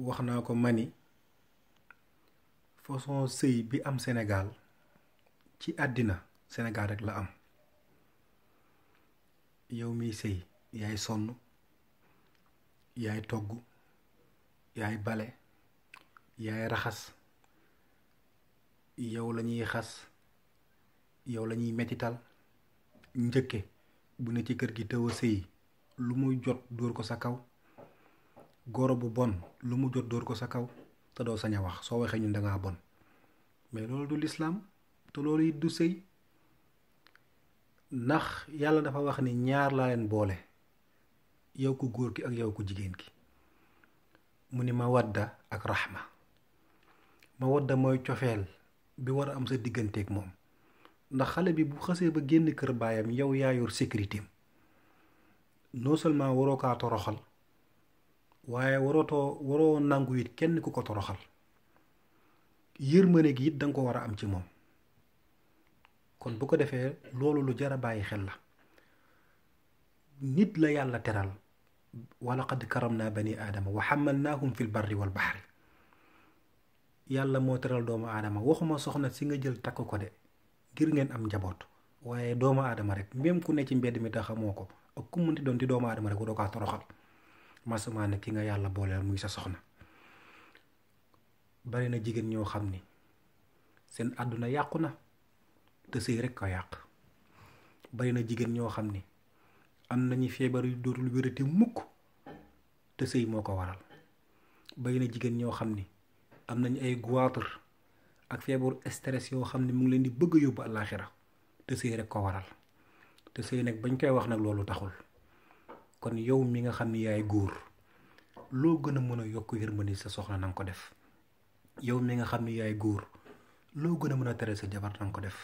wax naa ko mani façon sëy bi am Sénégal ci àddina Sénégal rek la am yow miy sëy yaay sonn yaay togg yaay bale yaay raxas yow lañuy xas yow la ñuy metital njëkke bu ne ci kër gi tëw sëy lu muy jot dóor ko sa kaw goro bu bon lu mu jot dóor ko sa kaw te doo sañ a wax soo waxee ñun dangaa bon mais loolu du lislaam te loolu it du sëy ndax yàlla dafa wax ni ñaar laa leen boole yow ku góor ki ak yow ku jigéen ki mu ni mawadda ak raxma mawadda mooy cofeel bi war a am sa digganteeg moom ndax xale bi bu xasee ba génn kër baayam yow yaa yor sécurité noo seulement waroo kaa toroxal waaye warootoo waroo nangu it kenn ku ko toroxal yërmande gi it da ko war a am ci moom kon bu ko defee loolu lu jar bàyyi xel la nit la yàlla teral walaqad karam naa bani aadama wa xamalnaahum fil barri wal baxri yàlla moo teral doomu aadama waxuma soxna si nga jël takk ko de ngir ngeen am njaboot waaye doomu aadama rek même ku ne ci mbedd mi taxamoo ko ak ku munti doon di doomu aadama rek doo kaa toroxal masamaa ne ki nga yàlla booleel muy sa soxna bari na jigéen ñoo xam ni seen àdduna yàqu na te sëy ko yàq bari na jigéen ñoo xam ni am nañu feebar yu dootul wérati mukk te sëy moo ko waral bari na jigéen ñoo xam ni am nañu ay goitre ak feebaru stress yoo xam ne mu ngi leen di bëgg a yóbbu àllaaxira te sëy rek ko waral te sëy nag bañ koy wax nag loolu taxul kon yow mi nga xam ni yaay góor loo gën a mën a yokk yërmande sa soxna na ko def yow mi nga xam ni yaay góor loo gën a mën a tere sa jabar na ko def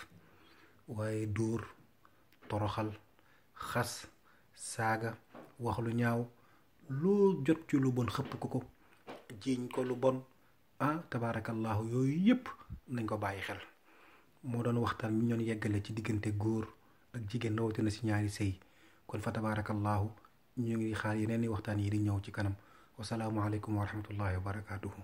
waaye dóor toroxal xas saaga wax lu ñaaw loo jot ci lu bon xëpp ko ko jiiñ ko lu bon ah tabaarakallaahu yooyu yëpp nañ ko bàyyi xel moo doon waxtaan bi ñoon yeggale ci diggante góor ak jigéen rawatina si ñaari sëy kon fa tabaarakallaahu ñu ngi xaar ne ni waxtaan yi di ñëw ci kanam wasalaamualeykum wa rahmatullahi wa barakaatuhu